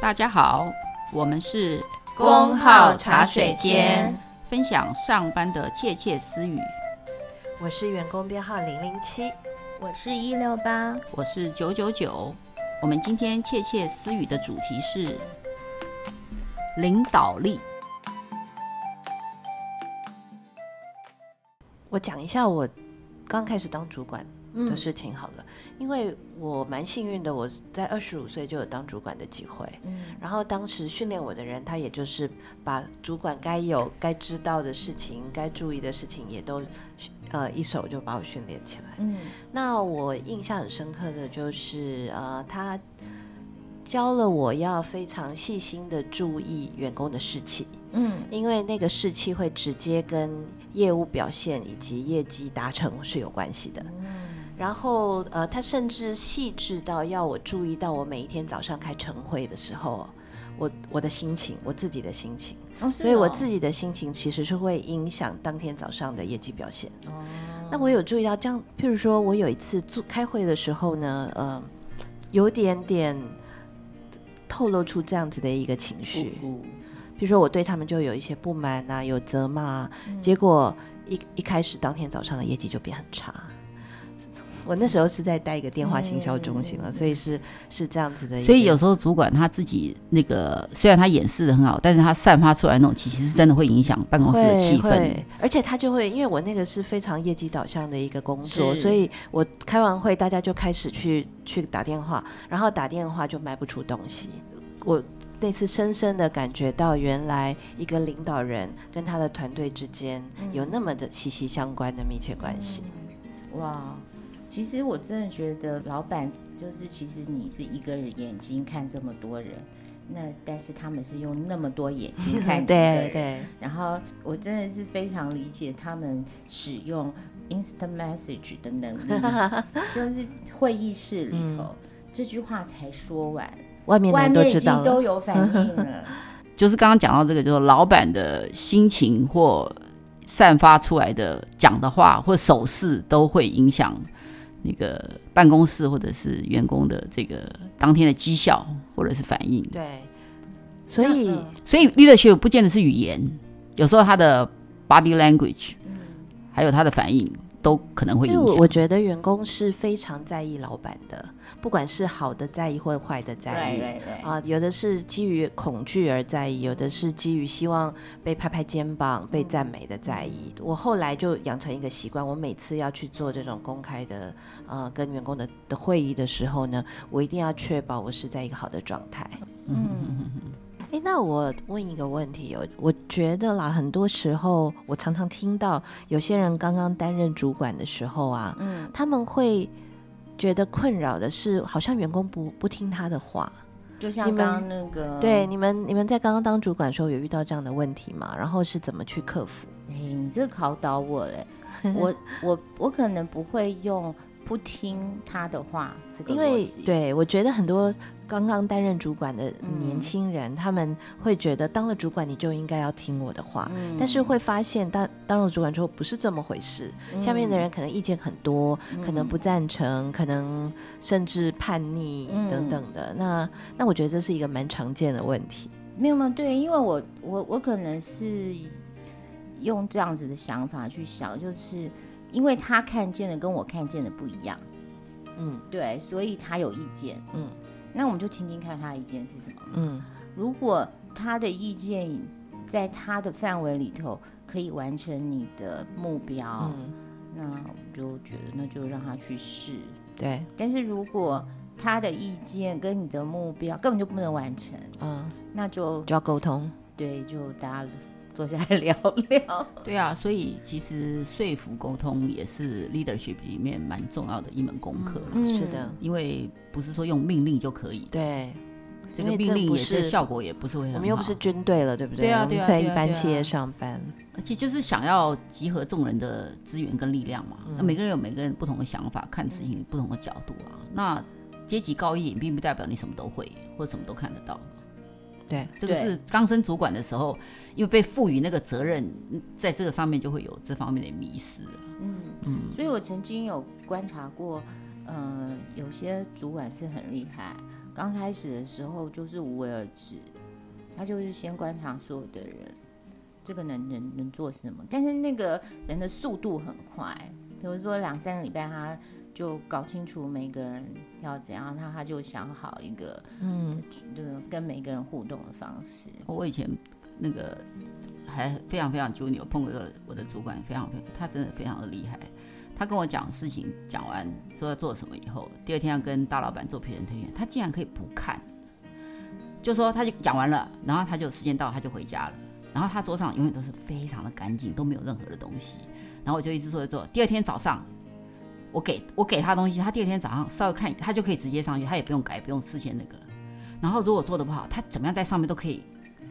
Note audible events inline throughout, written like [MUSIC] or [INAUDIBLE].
大家好，我們是工號茶水間，分享上班的竊竊私語。我是員工編號零零七，我是一六八，我是九九九。我們今天竊竊私語的主題是領導力。我講一下我剛開始當主管。嗯，的事情好了，因為我蠻幸運的，我在二十五歲就有當主管的機會。嗯，然後當時訓練我的人，他也就是把主管該有、該知道的事情、該注意的事情，也都呃一手就把我訓練起來。嗯，那我印象很深刻的就是，呃，他教了我要非常細心的注意員工的士氣。嗯，因為那個士氣會直接跟業務表現以及業績達成是有關係的。嗯然後呃，他甚至細緻到要我注意到我每一天早上開晨會的時候，我我的心情，我自己的心情、哦哦，所以我自己的心情其實是會影響當天早上的業績表現。哦、那我有注意到這樣，譬如說我有一次做開會的時候呢，嗯，呃、有點點透露出這樣子的一個情緒，嗯、譬如說我對他們就有一些不滿啊，有責罵、啊嗯，結果一一開始當天早上的業績就變很差。我那時候是在帶一個電話行銷中心了嘿嘿嘿，所以是是這樣子的。所以有時候主管他自己那個，雖然他掩飾的很好，但是他散發出來的那種氣息，其實是真的會影響辦公室的氣氛。而且他就會，因為我那個是非常業績導向的一個工作，所以我開完會，大家就開始去去打電話，然後打電話就賣不出東西。我那次深深的感覺到，原來一個領導人跟他的團隊之間有那麼的息息相關的密切關係。嗯、哇。其實我真的覺得，老闆就是，其實你是一個人眼睛看這麼多人，那但是他們是用那麼多眼睛看。 [LAUGHS] 對對。然後我真的是非常理解他們使用 instant message 的能力， [LAUGHS] 就是會議室裡頭、嗯、這句話才說完，外面的人都知道了，外面已經都有反應了。 [LAUGHS] 就是剛剛講到這個，就是老闆的心情或散發出來的講的話或手勢都會影響。那個辦公室或者是員工的這個當天的績效或者是反應，對，所以所以 leadership 不見得是語言，有時候他的 body language，還有他的反應。都可能會影響，我覺得員工是非常在意老板的，不管是好的在意或壞的在意。對，對，對啊，有的是基於恐懼而在意，有的是基於希望被拍拍肩膀，被讚美的在意。我後來就養成一個習慣，我每次要去做這種公開的、呃、跟員工的的會議的時候呢，我一定要確保我是在一個好的狀態。嗯。嗯哎、欸，那我問一個問題，哦，有我覺得啦，很多時候我常常聽到有些人剛剛擔任主管的時候啊，嗯，他們會覺得困擾的是，好像員工不不聽他的話，就像剛剛那個對你們，對你，們你們在剛剛當主管的時候有遇到這樣的問題嗎？然後是怎麼去克服？欸，你這考倒我嘞欸， [LAUGHS] 我我我可能不會用不聽他的話，因為，這個，對我覺得很多。嗯剛剛擔任主管的年輕人、嗯，他們會覺得當了主管你就應該要聽我的話，嗯、但是會發現當當了主管之後不是這麼回事。嗯、下面的人可能意見很多、嗯，可能不贊成，可能甚至叛逆等等的。嗯、那那我覺得這是一個蠻常見的問題。沒有嗎？對，因為我我我可能是用這樣子的想法去想，就是因為他看見的跟我看見的不一樣，嗯，對，所以他有意見，嗯。那我們就聽聽看他的意見是什麼。嗯，如果他的意見在他的範圍裡頭可以完成你的目標，嗯，那我就覺得那就讓他去試。對，但是如果他的意見跟你的目標根本就不能完成，嗯，那就就要溝通。對，就大家。坐下來聊聊，對啊，所以其實說服溝通也是 leader 學裡面蠻重要的一門功課，嗯。是的，因為不是說用命令就可以。對，這個命令也是，是效果也不是會很好。我們又不是軍隊了，對不對？我們在一般企業上班，而且就是想要集合眾人的資源跟力量嘛，嗯。那每個人有每個人不同的想法，看事情不同的角度啊。嗯、那階級高一點，並不代表你什麼都會，或什麼都看得到。對，這個是剛升主管的時候，因為被賦予那個責任，在這個上面就會有這方面的迷失。嗯嗯，所以我曾經有觀察過，嗯、呃，有些主管是很厲害，剛開始的時候就是無為而治，他就是先觀察所有的人，這個能能能做什麼？但是那個人的速度很快，比如說兩三個禮拜他。就搞清楚每個人要怎樣，他他就想好一個，嗯，就是跟每個人互動的方式。我以前那個還非常非常 junior，碰過一個我的主管，非常非常，他真的非常的厲害。他跟我講事情講完，說要做什麼以後，第二天要跟大老闆做陪審推薦，他竟然可以不看，就說他就講完了，然後他就時間到他就回家了，然後他桌上永遠都是非常的乾淨，都沒有任何的東西。然後我就一直做在做，第二天早上。我給我給他東西，他第二天早上稍微看，他就可以直接上去，他也不用改，不用事先那個。然後如果做的不好，他怎麼樣在上面都可以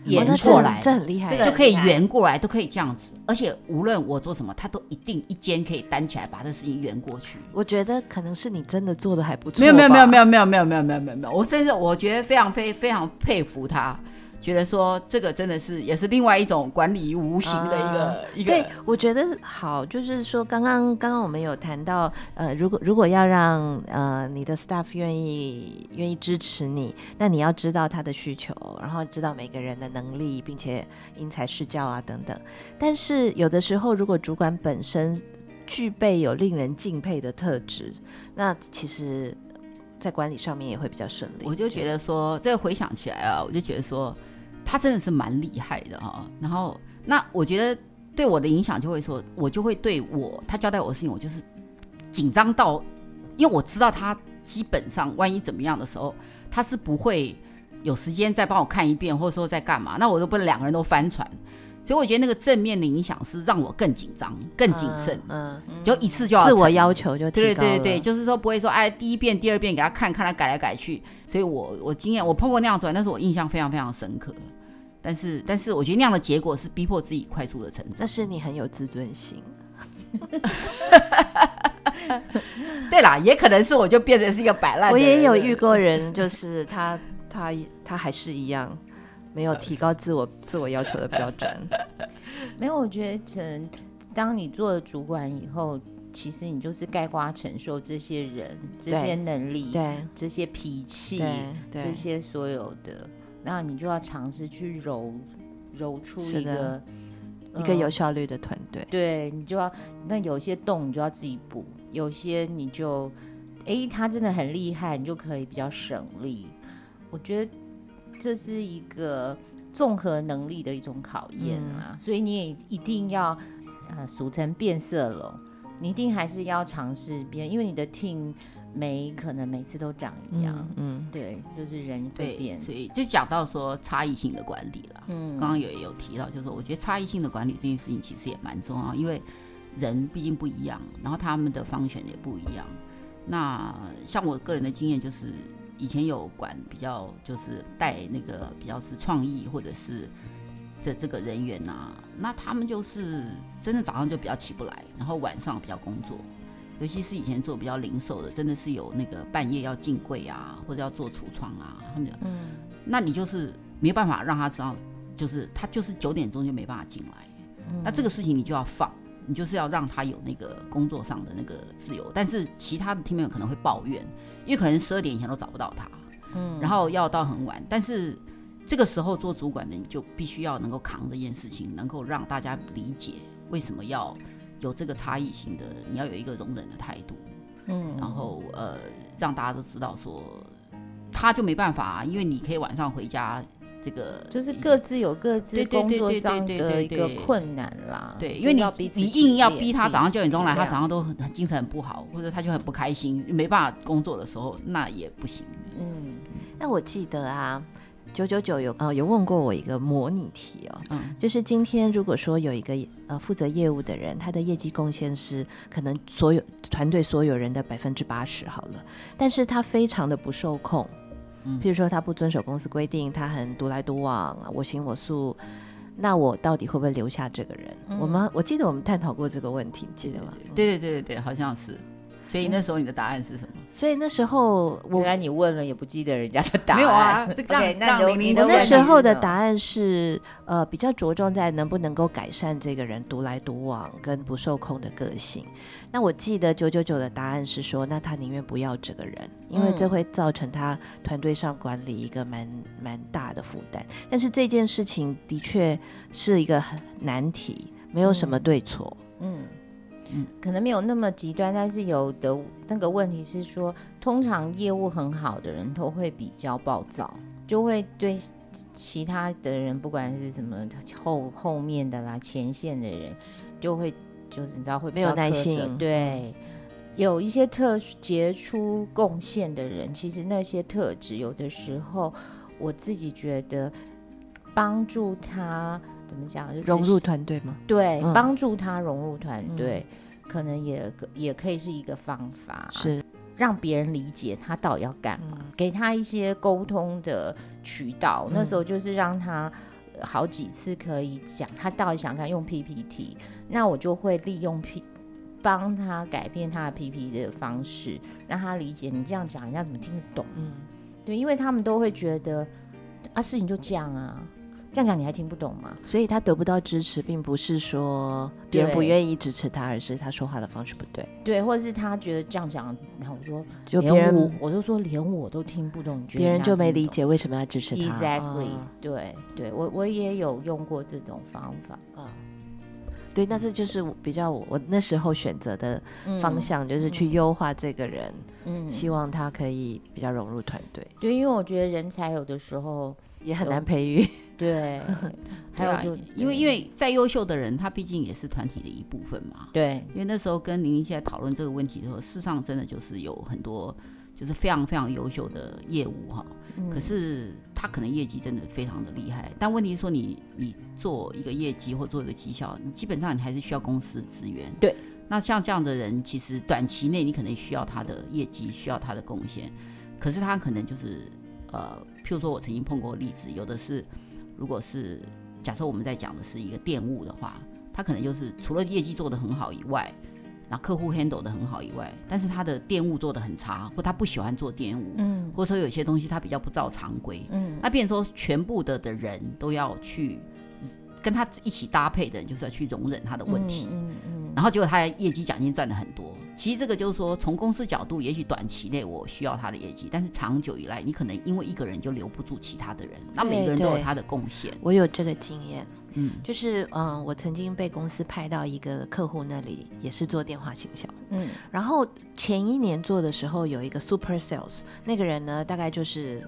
圓過來。哦、這，這很厲害，這個就可以圓過來，來，都可以這樣子。而且無論我做什麼，他都一定一肩可以擔起來把這事情圓過去。我覺得可能是你真的做的還不錯。沒有沒有沒有沒有沒有沒有沒有沒有沒有，我甚至我覺得非常非常非常佩服他。覺得說這個真的是也是另外一種管理無形的一個、啊、一個。對，我覺得好，就是說剛剛剛剛我們有談到，呃，如果如果要讓呃你的 staff 願意願意支持你，那你要知道他的需求，然後知道每個人的能力，並且因材施教啊等等。但是有的時候，如果主管本身具備有令人敬佩的特質，那其實。在管理上面也會比較順利。我就覺得說，這個回想起來啊，我就覺得說，他真的是蠻厲害的哈。然後，那我覺得對我的影響就會說，我就會對我，他交代我的事情，我就是緊張到，因為我知道他基本上萬一怎麼樣的時候，他是不會有時間再幫我看一遍，或者說再幹嘛，那我都不能兩個人都翻船。所以我覺得那個正面的影響是讓我更緊張、更謹慎，嗯，嗯，就一次就要自我要求就對對對對對，就是說不會說哎，第一遍、第二遍給他看看，他改來改去。所以我我經驗我碰過那樣出來，但是我印象非常非常深刻。但是但是我覺得那樣的結果是逼迫自己快速的成長。但是你很有自尊心。 [LAUGHS] [LAUGHS] [LAUGHS] 對啦，也可能是我就變成是一個擺爛的。我也有遇過人，就是他他他，他還是一樣。沒有提高自我 [LAUGHS] 自我要求的標準，沒有。我覺得，可能當你做了主管以後，其實你就是概括承受這些人、這些能力、對這些脾氣、這些所有的，那你就要嘗試去揉揉出一個、呃、一個有效率的團隊。對你就要，那有些洞你就要自己補，有些你就哎，他真的很厲害，你就可以比較省力。我覺得。這是一個綜合能力的一種考驗啊，嗯、所以你也一定要，呃，俗稱變色龍，你一定還是要嘗試變，因為你的 team 沒可能每次都長一樣，嗯，嗯對，就是人會變，所以就講到說差異性的管理了，嗯，剛剛也有提到，就是我覺得差異性的管理這件事情其實也蠻重要，嗯、因為人畢竟不一樣，然後他們的 function 也不一樣，那像我個人的經驗就是。以前有管比較就是帶那個比較是創意或者是的這個人員吶、啊，那他們就是真的早上就比較起不來，然後晚上比較工作，尤其是以前做比較零售的，真的是有那個半夜要進櫃啊，或者要做櫥窗啊，他們就嗯，那你就是沒辦法讓他知道，就是他就是九點鐘就沒辦法進來，那這個事情你就要放。你就是要讓他有那個工作上的那個自由，但是其他的 team member 可能會抱怨，因為可能十二點以前都找不到他，嗯，然後要到很晚。但是這個時候做主管的你就必須要能夠扛這件事情，能夠讓大家理解為什麼要有這個差異性的，你要有一個容忍的態度，嗯，然後呃讓大家都知道說他就沒辦法，因為你可以晚上回家。這個就是各自有各自工作上的一個困難啦。對，對，對，對，對，對，對，對，對，對，因為你你硬要逼他早上九點鐘來，他早上都很精神很不好，或者他就很不開心，沒辦法工作的時候，那也不行。嗯，那我記得啊，九九九有呃、哦、有問過我一個模擬題哦、嗯，就是今天如果說有一個呃負責業務的人，他的業績貢獻是可能所有團隊所有人的百分之八十好了，但是他非常的不受控。譬如說，他不遵守公司規定，嗯、他很獨來獨往、啊，我行我素，那我到底會不會留下這個人？嗯、我們我記得我們探討過這個問題，記得嗎？嗯、對對對對對，好像是。所以那時候你的答案是什麼，嗯？所以那時候我，原來你問了也不記得人家的答案。 [LAUGHS] 沒有啊，讓，OK，那我那時候的答案是，呃，比較着重在能不能夠改善這個人獨來獨往跟不受控的個性。那我記得九九九的答案是說，那他寧願不要這個人，因為這會造成他團隊上管理一個蠻、嗯、蠻大的負擔。但是這件事情的確是一個很難題，沒有什麼對錯。嗯。嗯嗯，可能沒有那麼極端，但是有的那個問題是說，通常業務很好的人都會比較暴躁，就會對其他的人，不管是什麼後後面的啦、前線的人，就會就是你知道會比較沒有耐心。對、嗯，有一些特傑出貢獻的人，其實那些特質有的時候，我自己覺得幫助他。怎麼講、就是？融入團隊嗎？對，嗯、幫助他融入團隊，嗯、可能也可也可以是一個方法，是讓別人理解他到底要幹嘛，嗯、給他一些溝通的渠道。嗯、那時候就是讓他、呃、好幾次可以講他到底想不用 PPT，那我就會利用 P 幫他改變他的 PPT 的方式，讓他理解你這樣講人家怎麼聽得懂、啊？嗯，對，因為他們都會覺得啊，事情就這樣啊。這樣講你還聽不懂嗎？所以，他得不到支持，並不是說別人不願意支持他，而是他說話的方式不對。對，或者是他覺得這樣講，然後我說，就別人，我就說連我都聽不懂，別人就沒理解為什麼要支持他。Exactly，啊。對，對我我也有用過這種方法啊，嗯。對，但是就是我比較我，我那時候選擇的方向，就是去優化這個人，嗯，希望他可以比較融入團隊。對，因為我覺得人才有的時候。也很難培育，哦， [LAUGHS] 對。 [LAUGHS] 還有啊啊就因為因為再優秀的人，他畢竟也是團體的一部分嘛。對。因為那時候跟林一現在討論這個問題的時候，世上真的就是有很多就是非常非常優秀的業務哈、嗯，可是他可能業績真的非常的厲害，但問題是說你你做一個業績或做一個績效，你基本上你還是需要公司的資源。對。那像這樣的人，其實短期內你可能需要他的業績，需要他的貢獻，可是他可能就是。呃，譬如說，我曾經碰過例子，有的是，如果是假設我們在講的是一個電務的話，他可能就是除了業績做得很好以外，那客戶 handle 的很好以外，但是他的電務做得很差，或他不喜歡做電務，嗯，或者說有些東西他比較不照常規，嗯，那變成說全部的的人都要去跟他一起搭配的人，就是要去容忍他的問題，嗯嗯，嗯，然後結果他業績獎金賺的很多。其實這個就是說，從公司角度，也許短期內我需要他的業績，但是長久以來，你可能因為一個人就留不住其他的人。那每個人都有他的貢獻，我有這個經驗。嗯，就是嗯，我曾經被公司派到一個客戶那裡，也是做電話行銷。嗯，然後前一年做的時候，有一個 super sales，那個人呢，大概就是。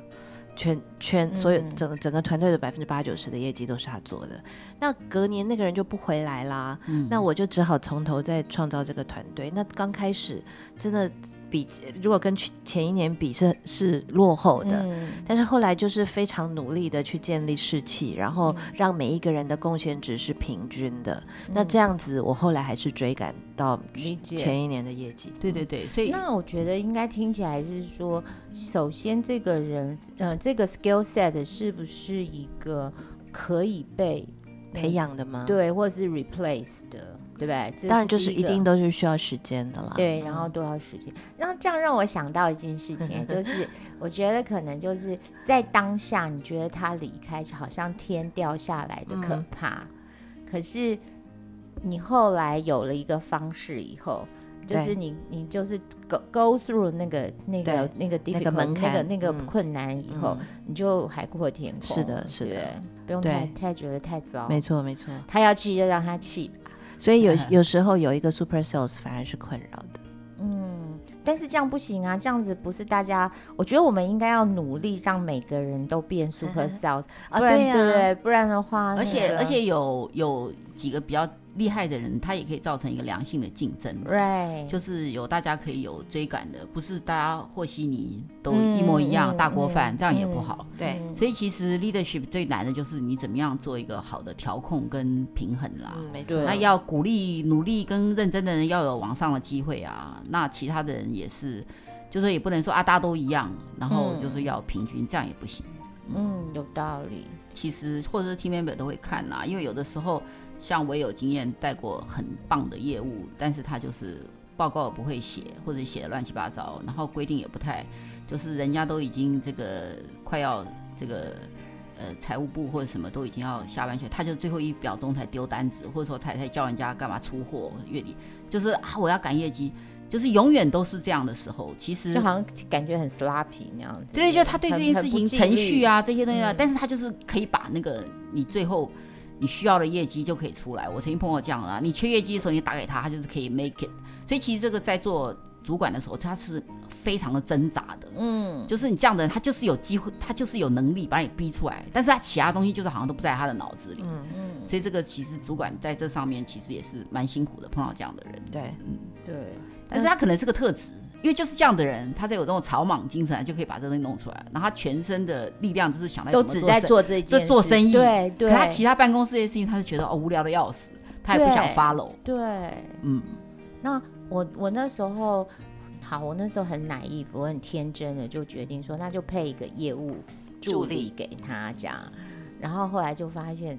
全全所有整整個團隊的百分之八九十的業績都是他做的，那隔年那個人就不回來啦。嗯、那我就只好從頭再創造這個團隊。那剛開始真的。比，如果跟前一年比是是落後的，嗯，但是後來就是非常努力的去建立士氣，然後讓每一個人的貢獻值是平均的。嗯、那這樣子，我後來還是追趕到前一年的業績，嗯。對對對，所以那我覺得應該聽起來是說，首先這個人，嗯、呃，這個 skill set 是不是一個可以被、嗯、培養的嗎？對，或是 replace 的。對不對？當然就是一定都是需要時間的啦。對，然後都要時間。那、嗯、這樣讓我想到一件事情，就是我覺得可能就是在當下，你覺得他離開好像天掉下來的可怕。嗯、可是你後來有了一個方式以後，就是你你就是 go go through 那個那個那個 difficult 那個那個那個困難以後，嗯、你就海闊天空。是的，是的。對，不用太太覺得太糟。沒錯，沒錯。他要氣就讓他氣。所以有有時候有一個 super sales 反而是困擾的，嗯，但是這樣不行啊，這樣子不是大家，我覺得我們應該要努力讓每個人都變 super sales，啊，不然、啊、對啊、對，不然的話，而且、嗯、而且有有，幾個比較厲害的人，他也可以造成一個良性的競爭，對、right.，就是有大家可以有追趕的，不是大家和稀泥都一模一樣、嗯、大鍋飯、嗯，這樣也不好、嗯。對，所以其實 leadership 最難的就是你怎麼樣做一個好的調控跟平衡啦。沒、嗯、錯，那要鼓勵努力跟認真的人要有往上的機會啊，那其他的人也是，就說、是、也不能說啊，大家都一樣，然後就是要平均，這樣也不行。嗯，嗯有道理。其實或者是 team member 都會看啦、啊，因為有的時候。像我有經驗帶過很棒的業務，但是他就是報告不會寫，或者寫的亂七八糟，然後規定也不太，就是人家都已經這個快要這個呃財務部或者什麼都已經要下班去，他就最後一秒鐘才丟單子，或者說才才叫人家幹嘛出貨，月底就是啊我要趕業績，就是永遠都是這樣的時候，其實就好像感覺很 sloppy 那樣子，對，就他對這件事情程序啊，嗯，程序啊這些東西啊，但是他就是可以把那個你最後。你需要的業績就可以出來。我曾經碰到這樣的啊，你缺業績的時候，你打給他，他就是可以 make it。所以其實這個在做主管的時候，他是非常的掙扎的。嗯，就是你這樣的人，他就是有機會，他就是有能力把你逼出來，但是他其他東西就是好像都不在他的腦子裡。嗯嗯。所以這個其實主管在這上面其實也是蠻辛苦的，碰到這樣的人。對，對，嗯，對。但是他可能是個特質。因為就是這樣的人，他才有這種草莽精神，就可以把這東西弄出來。然後他全身的力量就是想在都只在做這件事，就是、做生意。對對。可他其他辦公室的事情，他是覺得哦無聊的要死，他也不想發嘍。對，嗯。那我我那時候，好，我那時候很 naive，我很天真的就決定說，那就配一個業務助理給他這樣。然後後來就發現，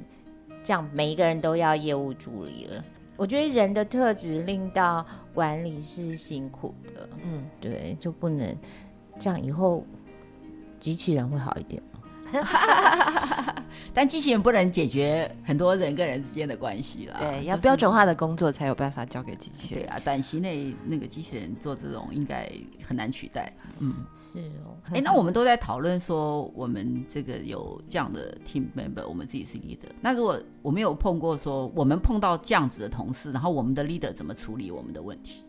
這樣每一個人都要業務助理了。我覺得人的特質令到管理是辛苦的，嗯，對，就不能這樣。以後機器人會好一點。哈， [LAUGHS] [LAUGHS] 但機器人不能解決很多人跟人之間的關係啦。對、就是，要標準化的工作才有辦法交給機器人。對啊，短期內那個機器人做這種應該很難取代。 [LAUGHS] 嗯，是哦、欸。哎， [LAUGHS] 那我們都在討論說，我們這個有這樣的 team member，我們自己是 leader。那如果我沒有碰過說，我們碰到這樣子的同事，然後我們的 leader 怎麼處理我們的問題？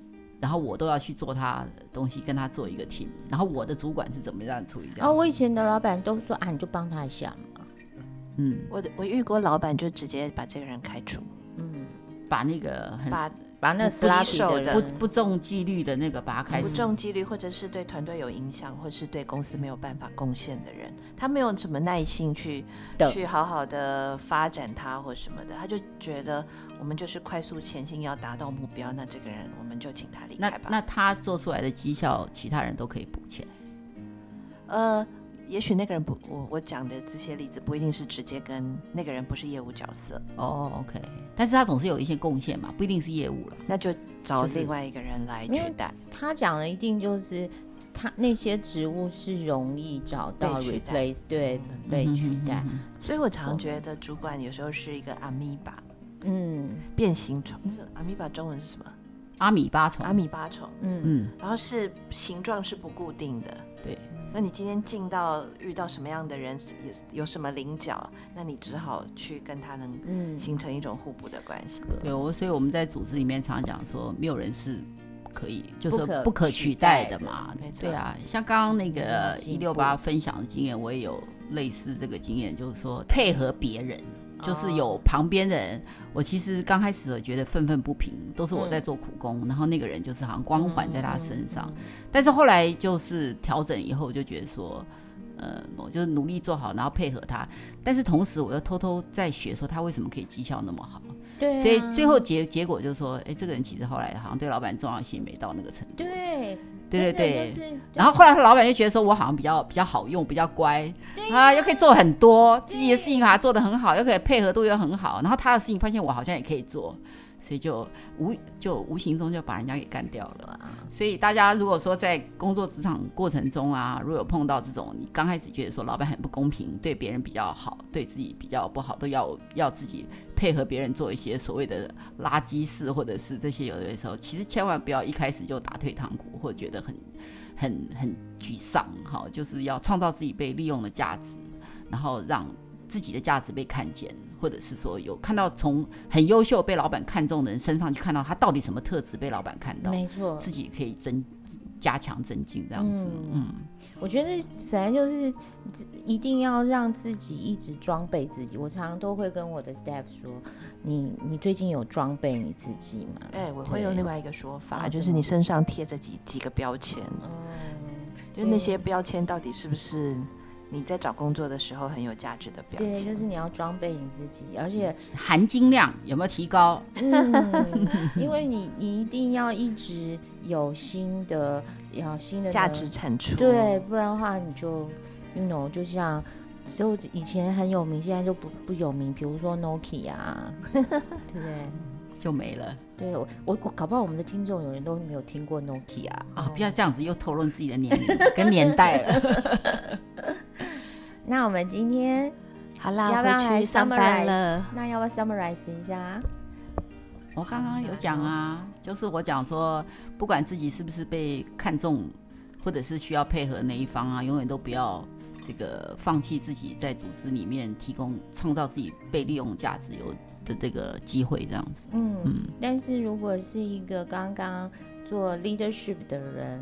然後我都要去做他的東西，跟他做一個 team。然後我的主管是怎麼樣處理的？哦，我以前的老闆都說啊，你就幫他一下嘛。嗯，我的我遇過老闆就直接把這個人開除。嗯，把那個很把把那個拉手的不不重紀律的那個把他開除，把開不重紀律或者是對團隊有影響，或者是對公司沒有辦法貢獻的人，他沒有什麼耐心去去好好的發展他或什麼的，他就覺得。我們就是快速前進，要達到目標。那這個人，我們就請他離開吧那。那他做出來的績效，其他人都可以補起來。呃，也許那個人不，我我講的這些例子不一定是直接跟那個人不是業務角色。哦、oh，OK，但是他總是有一些貢獻嘛，不一定是業務了。那就找另外一個人來取代。就是、他講的一定就是他那些職務是容易找到 replace, 取代，對、嗯哼哼哼哼，被取代。所以我常覺得主管有時候是一個阿米巴。嗯，變形蟲。是阿米巴中文是什麼？阿米巴蟲。阿米巴蟲。嗯嗯。然後是形狀是不固定的。對。那你今天進到遇到什麼樣的人，也有什麼稜角，那你只好去跟他能形成一種互補的關係。對，我所以我們在組織裡面常講說，沒有人是可以，就是不可取代的嘛。沒錯對啊，像剛剛那個一六八分享的經驗，我也有類似這個經驗，就是說配合別人。就是有旁邊人，我其實剛開始覺得憤憤不平，都是我在做苦工，嗯、然後那個人就是好像光環在他身上。嗯嗯。但是後來就是調整以後，我就覺得說，呃，我就是努力做好，然後配合他，但是同時我又偷偷在學說他為什麼可以績效那麼好。啊、所以最後結結果就是說，哎，這個人其實後來好像對老板重要性沒到那個程度。對，對對對、就是、然後後來他老板就覺得說，我好像比較比較好用，比較乖啊，啊，又可以做很多自己的事情啊，做得很好，又可以配合度又很好。然後他的事情發現我好像也可以做。所以就無就無形中就把人家給幹掉了啦。所以大家如果說在工作職場過程中啊，如果有碰到這種，你剛開始覺得說老闆很不公平，對別人比較好，對自己比較不好，都要要自己配合別人做一些所謂的垃圾事，或者是這些有的時候，其實千萬不要一開始就打退堂鼓，或者覺得很很很沮喪。哈，就是要創造自己被利用的價值，然後讓自己的價值被看見。或者是說有看到從很優秀被老闆看中的人身上去看到他到底什麼特質被老闆看到，沒錯，自己可以增加強增進這樣子。嗯，嗯，我覺得反正就是一定要讓自己一直裝備自己。我常常都會跟我的 staff 說：“你你最近有裝備你自己嗎？”哎、欸，我會有另外一個說法，啊、就是你身上貼着幾幾個標籤，嗯，就是那些標籤到底是不是？你在找工作的時候很有價值的表對，就是你要裝備你自己，而且，嗯、含金量有沒有提高？嗯，因為你你一定要一直有新的，要新的價、那個、值產出，對，不然的話你就，u you know，就像就以前很有名，現在就不不有名，比如說 Nokia， [LAUGHS] 對不對？就沒了。對，我我，我搞不好我們的聽眾有人都沒有聽過 Nokia，哦。啊、哦，不要這樣子又討論自己的年齡 [LAUGHS] 跟年代了。 [LAUGHS] 那我們今天好啦，要不要去 summarize？上班了。那要不要 summarize 一下？我剛剛有講啊，就是我講說，不管自己是不是被看中，或者是需要配合哪一方啊，永遠都不要這個放棄自己在組織裡面提供、創造自己被利用價值有的這個機會，這樣子嗯。嗯，但是如果是一個剛剛做 leadership 的人，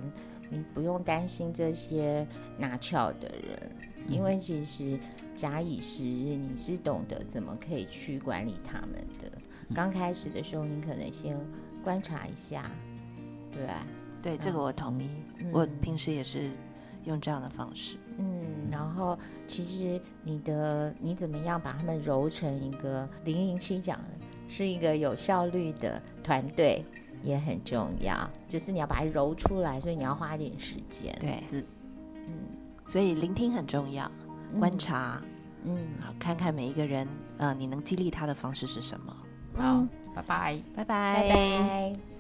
你不用擔心這些拿翹的人。嗯、因為其實假以時日，你是懂得怎麼可以去管理他們的。剛開始的時候，你可能先觀察一下，對、嗯，對，這個我同意、嗯。我平時也是用這樣的方式。嗯，嗯，然後其實你的你怎麼樣把他們揉成一個零零七講是一個有效率的團隊也很重要，就是你要把它揉出來，所以你要花點時間。對，所以聆聽很重要，嗯、觀察，嗯，好，看看每一個人，呃，你能激勵他的方式是什麼？嗯、好，拜拜，拜拜，拜拜。拜拜。